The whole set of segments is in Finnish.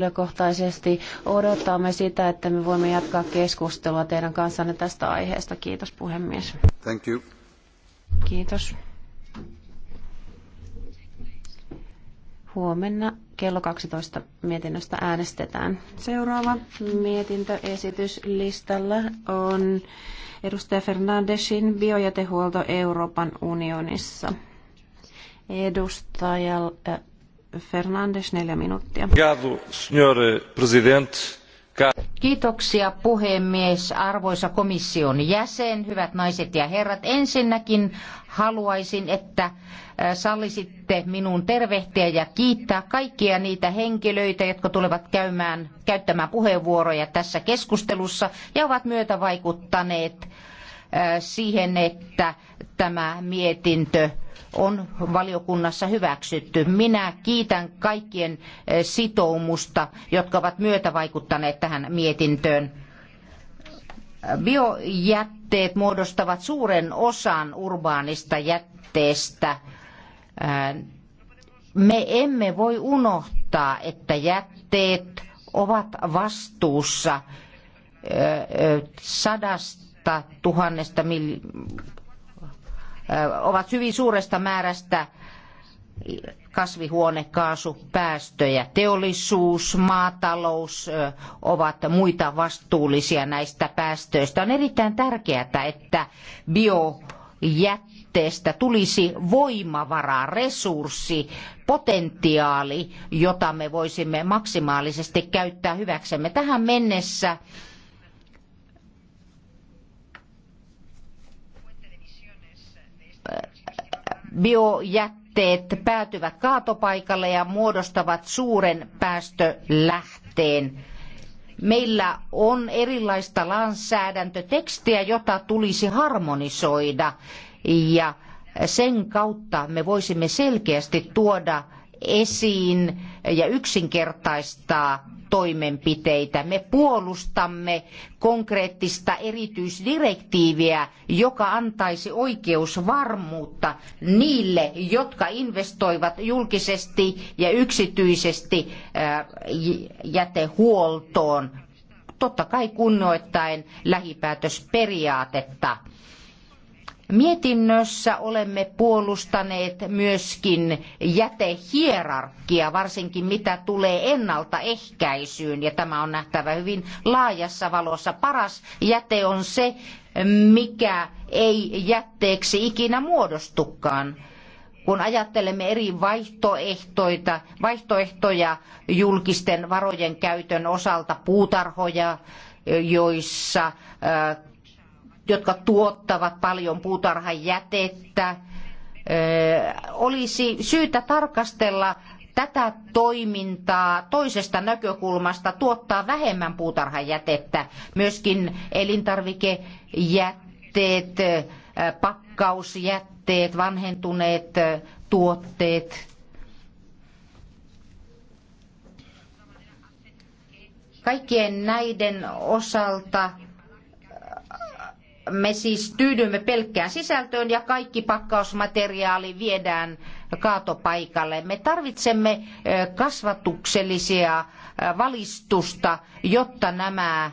Henkilökohtaisesti odottamme sitä, että me voimme jatkaa keskustelua teidän kanssanne tästä aiheesta. Kiitos puhemies. Thank you. Kiitos. Huomenna kello 12 mietinnöstä äänestetään. Seuraava mietintöesitys listalla on edustaja Fernandesin biojätehuolto Euroopan unionissa. Edustaja. Äh, Fernandes, neljä minuuttia. Kiitoksia puhemies, arvoisa komission jäsen, hyvät naiset ja herrat. Ensinnäkin haluaisin, että sallisitte minun tervehtiä ja kiittää kaikkia niitä henkilöitä, jotka tulevat käymään, käyttämään puheenvuoroja tässä keskustelussa ja ovat myötävaikuttaneet vaikuttaneet siihen, että tämä mietintö on valiokunnassa hyväksytty. Minä kiitän kaikkien sitoumusta, jotka ovat myötävaikuttaneet tähän mietintöön. Biojätteet muodostavat suuren osan urbaanista jätteestä. Me emme voi unohtaa, että jätteet ovat vastuussa sadasta sadasta tuhannesta mil, ovat hyvin suuresta määrästä kasvihuonekaasupäästöjä. Teollisuus, maatalous ovat muita vastuullisia näistä päästöistä. On erittäin tärkeää, että biojätteestä tulisi voimavara, resurssi, potentiaali, jota me voisimme maksimaalisesti käyttää hyväksemme. Tähän mennessä biojätteet päätyvät kaatopaikalle ja muodostavat suuren päästölähteen. Meillä on erilaista lainsäädäntötekstiä, jota tulisi harmonisoida ja sen kautta me voisimme selkeästi tuoda esiin ja yksinkertaistaa toimenpiteitä. Me puolustamme konkreettista erityisdirektiiviä, joka antaisi oikeusvarmuutta niille, jotka investoivat julkisesti ja yksityisesti äh, jätehuoltoon, totta kai kunnioittaen lähipäätösperiaatetta. Mietinnössä olemme puolustaneet myöskin jätehierarkia, varsinkin mitä tulee ennaltaehkäisyyn, ja tämä on nähtävä hyvin laajassa valossa. Paras jäte on se, mikä ei jätteeksi ikinä muodostukaan kun ajattelemme eri vaihtoehtoita, vaihtoehtoja julkisten varojen käytön osalta, puutarhoja, joissa äh, jotka tuottavat paljon puutarhajätettä. Olisi syytä tarkastella tätä toimintaa toisesta näkökulmasta, tuottaa vähemmän puutarhajätettä, myöskin elintarvikejätteet, pakkausjätteet, vanhentuneet tuotteet. Kaikkien näiden osalta me siis tyydymme pelkkään sisältöön ja kaikki pakkausmateriaali viedään kaatopaikalle. Me tarvitsemme kasvatuksellisia valistusta, jotta nämä,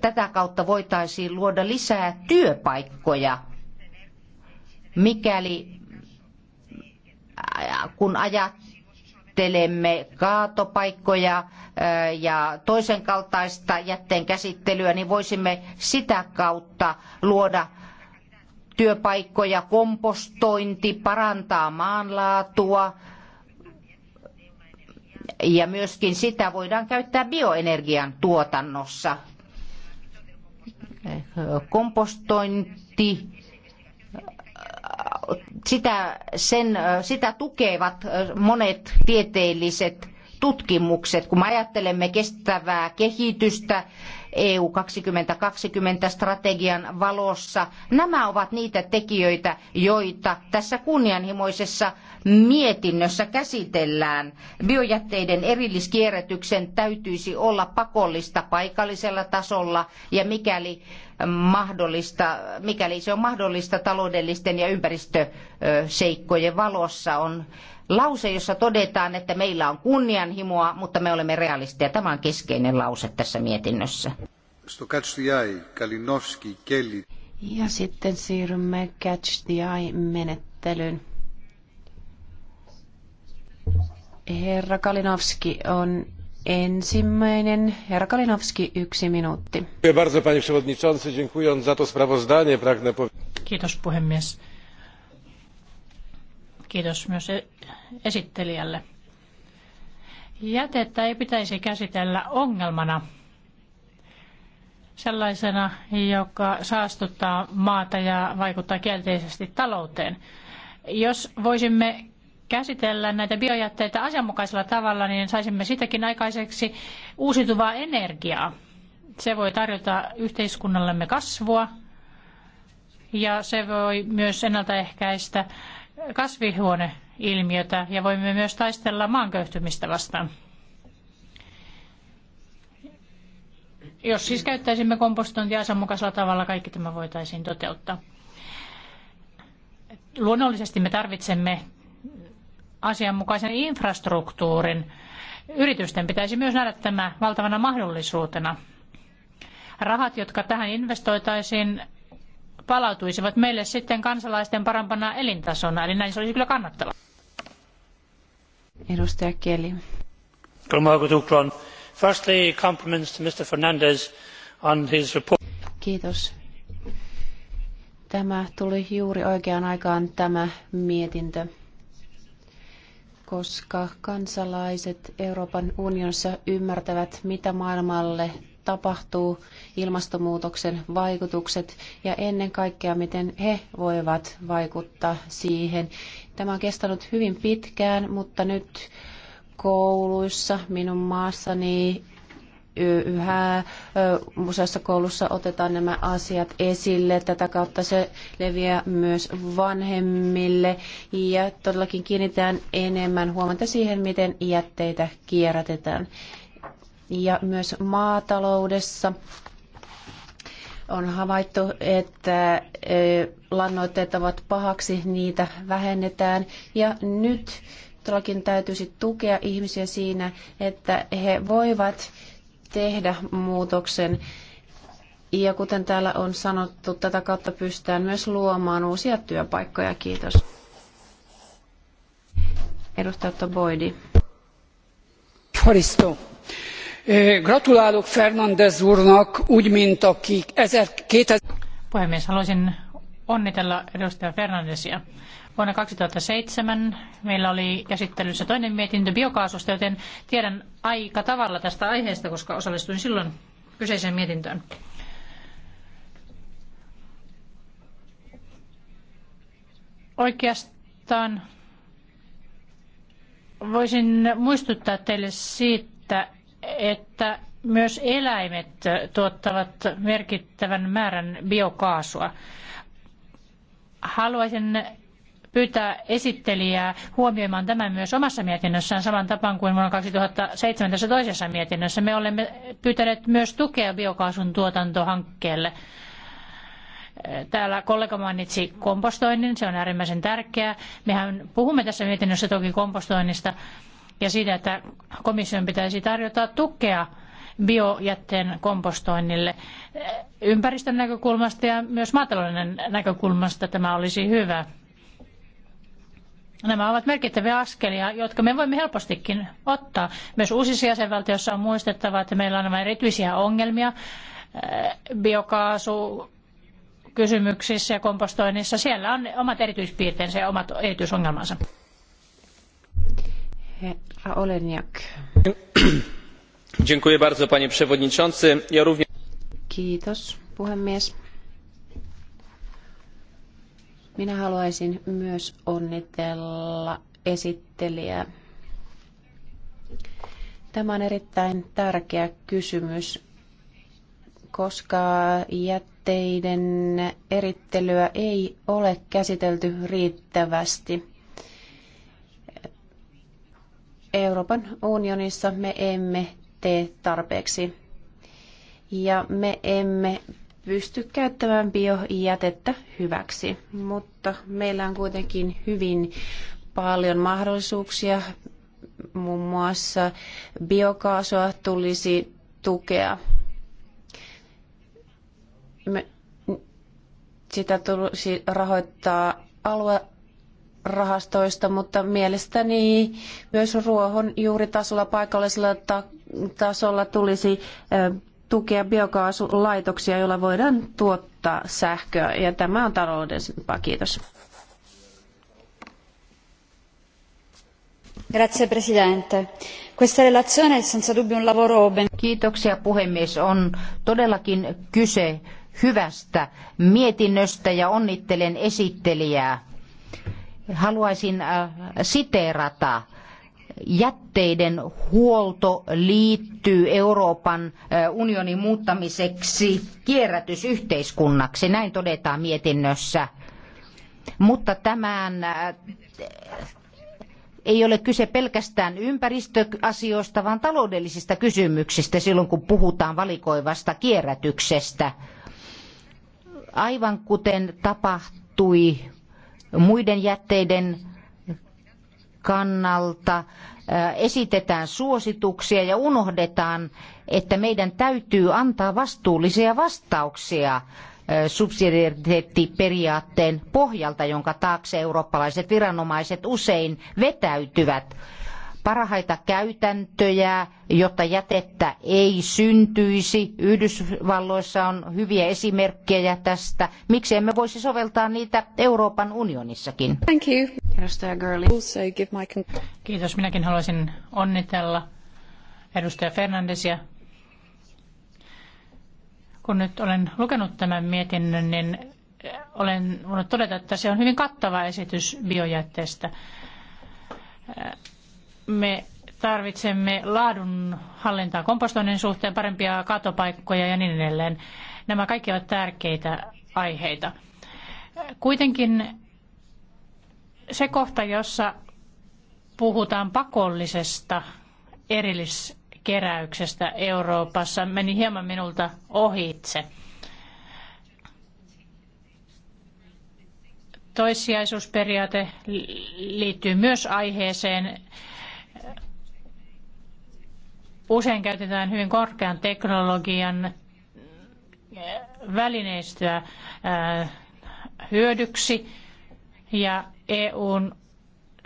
tätä kautta voitaisiin luoda lisää työpaikkoja, mikäli kun ajattelee käsittelemme kaatopaikkoja ja toisen kaltaista jätteen käsittelyä, niin voisimme sitä kautta luoda työpaikkoja, kompostointi, parantaa maanlaatua, ja myöskin sitä voidaan käyttää bioenergian tuotannossa. Kompostointi sitä, sen, sitä tukevat monet tieteelliset tutkimukset. Kun me ajattelemme kestävää kehitystä, EU 2020 strategian valossa. Nämä ovat niitä tekijöitä, joita tässä kunnianhimoisessa mietinnössä käsitellään. Biojätteiden erilliskierrätyksen täytyisi olla pakollista paikallisella tasolla ja mikäli mahdollista, mikäli se on mahdollista taloudellisten ja ympäristöseikkojen valossa on lause, jossa todetaan, että meillä on kunnianhimoa, mutta me olemme realisteja. Tämä on keskeinen lause tässä mietinnössä. Ja sitten siirrymme Catch the Eye-menettelyyn. Herra Kalinowski on ensimmäinen. Herra Kalinowski, yksi minuutti. Kiitos puhemies. Kiitos myös e- esittelijälle. Jätettä ei pitäisi käsitellä ongelmana sellaisena, joka saastuttaa maata ja vaikuttaa kielteisesti talouteen. Jos voisimme käsitellä näitä biojätteitä asianmukaisella tavalla, niin saisimme sitäkin aikaiseksi uusiutuvaa energiaa. Se voi tarjota yhteiskunnallemme kasvua ja se voi myös ennaltaehkäistä kasvihuoneilmiötä ja voimme myös taistella maanköyhtymistä vastaan. Jos siis käyttäisimme kompostointia asianmukaisella tavalla, kaikki tämä voitaisiin toteuttaa. Luonnollisesti me tarvitsemme asianmukaisen infrastruktuurin. Yritysten pitäisi myös nähdä tämä valtavana mahdollisuutena. Rahat, jotka tähän investoitaisiin, palautuisivat meille sitten kansalaisten parempana elintasona, eli näin se olisi kyllä kannattava. Edustaja Kieli. Firstly, compliments to Mr. Fernandez on his report. Kiitos. Tämä tuli juuri oikeaan aikaan tämä mietintö, koska kansalaiset Euroopan unionissa ymmärtävät, mitä maailmalle tapahtuu, ilmastonmuutoksen vaikutukset ja ennen kaikkea, miten he voivat vaikuttaa siihen. Tämä on kestänyt hyvin pitkään, mutta nyt kouluissa minun maassani yhä useassa koulussa otetaan nämä asiat esille. Tätä kautta se leviää myös vanhemmille ja todellakin kiinnitään enemmän huomiota siihen, miten jätteitä kierrätetään ja myös maataloudessa on havaittu, että lannoitteet ovat pahaksi, niitä vähennetään. Ja nyt todellakin täytyisi tukea ihmisiä siinä, että he voivat tehdä muutoksen. Ja kuten täällä on sanottu, tätä kautta pystytään myös luomaan uusia työpaikkoja. Kiitos. Edustaja Toboidi. Horisto. Gratulálok fernandes úrnak, úgy mint aki Puhemies, haluaisin onnitella edustaja Fernandesia. Vuonna seitsemän meillä oli käsittelyssä toinen mietintö biokaasusta, joten tiedän aika tavalla tästä aiheesta, koska osallistuin silloin kyseiseen mietintöön. Oikeastaan voisin muistuttaa teille siitä, että myös eläimet tuottavat merkittävän määrän biokaasua. Haluaisin pyytää esittelijää huomioimaan tämän myös omassa mietinnössään saman tapaan kuin vuonna 2017 toisessa mietinnössä. Me olemme pyytäneet myös tukea biokaasun tuotantohankkeelle. Täällä kollega mainitsi kompostoinnin, se on äärimmäisen tärkeää. Mehän puhumme tässä mietinnössä toki kompostoinnista, ja siitä, että komission pitäisi tarjota tukea biojätteen kompostoinnille ympäristön näkökulmasta ja myös maatalouden näkökulmasta tämä olisi hyvä. Nämä ovat merkittäviä askelia, jotka me voimme helpostikin ottaa. Myös uusissa jäsenvaltioissa on muistettava, että meillä on nämä erityisiä ongelmia eh, biokaasu kysymyksissä ja kompostoinnissa. Siellä on omat erityispiirteensä ja omat erityisongelmansa panie przewodniczący. Ja również... Kiitos, puhemies. Minä haluaisin myös onnitella esittelijää. Tämä on erittäin tärkeä kysymys, koska jätteiden erittelyä ei ole käsitelty riittävästi. Euroopan unionissa me emme tee tarpeeksi. Ja me emme pysty käyttämään biojätettä hyväksi, mutta meillä on kuitenkin hyvin paljon mahdollisuuksia. Muun muassa biokaasua tulisi tukea. Me, sitä tulisi rahoittaa alue rahastoista, mutta mielestäni myös ruohon juuritasolla, paikallisella tasolla tulisi tukea biokaasulaitoksia, joilla voidaan tuottaa sähköä, ja tämä on taloudellisempaa. Kiitos. Grazie Presidente. Questa relazione è senza dubbio un lavoro ben... Kiitoksia puhemies. On todellakin kyse hyvästä mietinnöstä ja onnittelen esittelijää haluaisin äh, siteerata jätteiden huolto liittyy Euroopan äh, unionin muuttamiseksi kierrätysyhteiskunnaksi. Näin todetaan mietinnössä. Mutta tämän äh, ei ole kyse pelkästään ympäristöasioista, vaan taloudellisista kysymyksistä silloin, kun puhutaan valikoivasta kierrätyksestä. Aivan kuten tapahtui muiden jätteiden kannalta äh, esitetään suosituksia ja unohdetaan, että meidän täytyy antaa vastuullisia vastauksia äh, subsidiariteettiperiaatteen pohjalta, jonka taakse eurooppalaiset viranomaiset usein vetäytyvät parhaita käytäntöjä, jotta jätettä ei syntyisi. Yhdysvalloissa on hyviä esimerkkejä tästä. Miksi emme voisi soveltaa niitä Euroopan unionissakin? Thank you. Edustaja Also give my... Kiitos. Minäkin haluaisin onnitella edustaja Fernandesia. Kun nyt olen lukenut tämän mietinnön, niin olen voinut todeta, että se on hyvin kattava esitys biojätteestä me tarvitsemme laadun hallintaa kompostoinnin suhteen, parempia katopaikkoja ja niin edelleen. Nämä kaikki ovat tärkeitä aiheita. Kuitenkin se kohta, jossa puhutaan pakollisesta erilliskeräyksestä Euroopassa, meni hieman minulta ohitse. Toissijaisuusperiaate liittyy myös aiheeseen. Usein käytetään hyvin korkean teknologian äh, välineistöä äh, hyödyksi ja EUn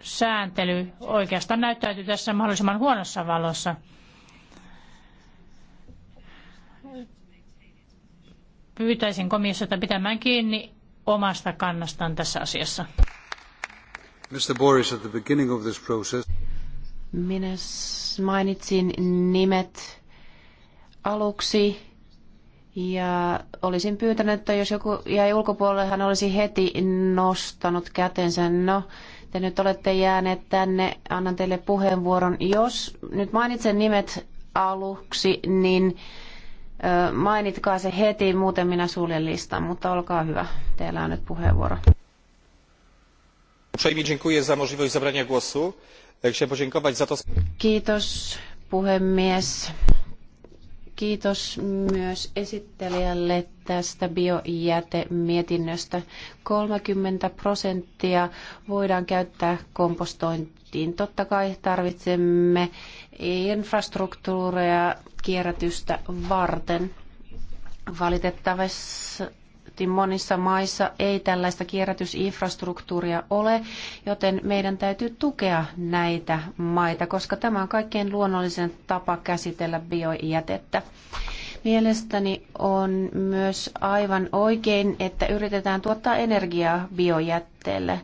sääntely oikeastaan näyttäytyy tässä mahdollisimman huonossa valossa. Pyytäisin komissiota pitämään kiinni omasta kannastaan tässä asiassa. Mr. Boris, at the beginning of this process... Minä mainitsin nimet aluksi ja olisin pyytänyt, että jos joku jäi ulkopuolelle, hän olisi heti nostanut kätensä. No, te nyt olette jääneet tänne, annan teille puheenvuoron. Jos nyt mainitsen nimet aluksi, niin mainitkaa se heti, muuten minä suljen listan, mutta olkaa hyvä, teillä on nyt puheenvuoro. Uprzejmie dziękuję za możliwość zabrania głosu. E, chciałem podziękować za to. Kiitos puhemies. Kiitos myös esittelijälle tästä biojätemietinnöstä. Kolmekymmentä prosenttia voidaan käyttää kompostointiin. Totta kai tarvitsemme infrastruktuuria kierrätystä varten. Valitettavasti Valitettavasti monissa maissa ei tällaista kierrätysinfrastruktuuria ole, joten meidän täytyy tukea näitä maita, koska tämä on kaikkein luonnollisen tapa käsitellä biojätettä. Mielestäni on myös aivan oikein, että yritetään tuottaa energiaa biojätteelle.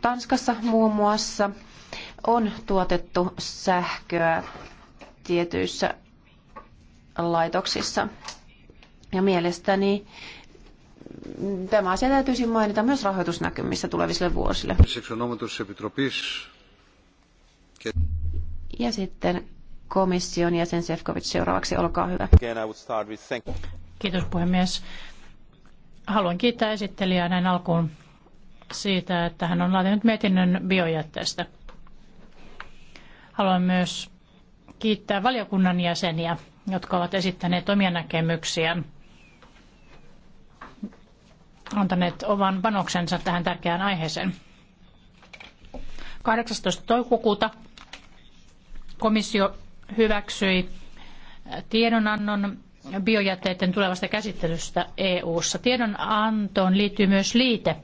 Tanskassa muun muassa on tuotettu sähköä tietyissä laitoksissa. Ja mielestäni tämä asia täytyisi mainita myös rahoitusnäkymissä tuleville vuosille. Ja sitten komission jäsen Sefcovic seuraavaksi, olkaa hyvä. Kiitos puhemies. Haluan kiittää esittelijää näin alkuun siitä, että hän on laatinut mietinnön biojätteestä. Haluan myös kiittää valiokunnan jäseniä jotka ovat esittäneet omia näkemyksiään, antaneet oman panoksensa tähän tärkeään aiheeseen. 18. toukokuuta komissio hyväksyi tiedonannon biojätteiden tulevasta käsittelystä EU-ssa. Tiedonantoon liittyy myös liite,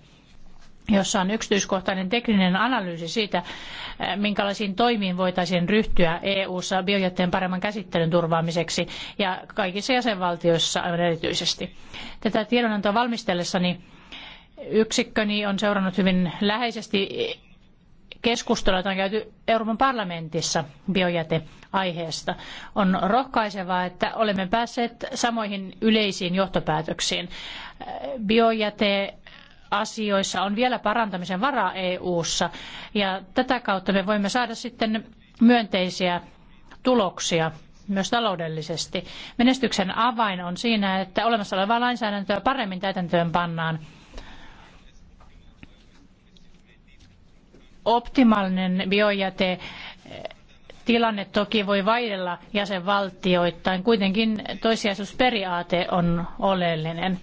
jossa on yksityiskohtainen tekninen analyysi siitä, eh, minkälaisiin toimiin voitaisiin ryhtyä EU-ssa biojätteen paremman käsittelyn turvaamiseksi ja kaikissa jäsenvaltioissa aivan erityisesti. Tätä tiedonantoa valmistellessani yksikköni on seurannut hyvin läheisesti keskustelua, jota on käyty Euroopan parlamentissa biojäteaiheesta. On rohkaisevaa, että olemme päässeet samoihin yleisiin johtopäätöksiin. Biojäte asioissa on vielä parantamisen varaa EU:ssa ja tätä kautta me voimme saada sitten myönteisiä tuloksia myös taloudellisesti. Menestyksen avain on siinä, että olemassa olevaa lainsäädäntöä paremmin täytäntöön pannaan. Optimaalinen biojäte tilanne toki voi vaihdella jäsenvaltioittain, kuitenkin toissijaisuusperiaate on oleellinen.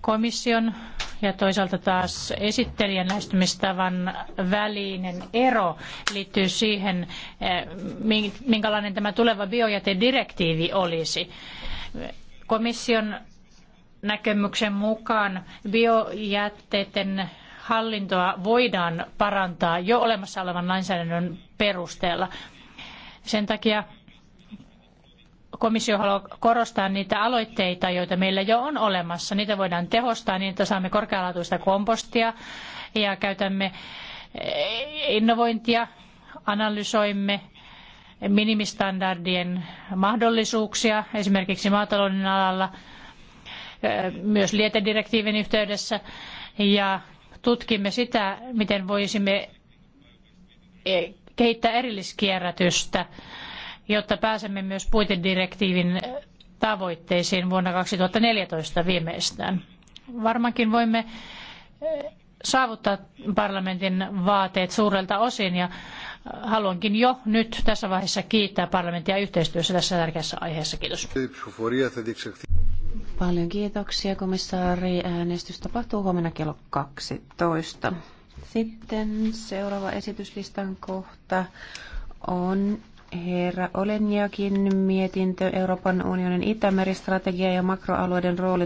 Komission ja toisaalta taas esittelijän lähestymistavan välinen ero liittyy siihen, eh, minkälainen tämä tuleva biojätedirektiivi olisi. Komission näkemyksen mukaan biojätteiden hallintoa voidaan parantaa jo olemassa olevan lainsäädännön perusteella. Sen takia komissio haluaa korostaa niitä aloitteita, joita meillä jo on olemassa. Niitä voidaan tehostaa niin, että saamme korkealaatuista kompostia ja käytämme eh, innovointia, analysoimme minimistandardien mahdollisuuksia esimerkiksi maatalouden alalla, eh, myös lietedirektiivin yhteydessä ja tutkimme sitä, miten voisimme eh, kehittää erilliskierrätystä jotta pääsemme myös puitedirektiivin eh, tavoitteisiin vuonna 2014 viimeistään. Varmaankin voimme eh, saavuttaa parlamentin vaateet suurelta osin ja eh, haluankin jo nyt tässä vaiheessa kiittää parlamenttia yhteistyössä tässä tärkeässä aiheessa. Kiitos. Paljon kiitoksia komissaari. Äänestys tapahtuu huomenna kello 12. Sitten seuraava esityslistan kohta on Herra Olenjakin mietintö Euroopan unionin Itämeri-strategia ja makroalueiden rooli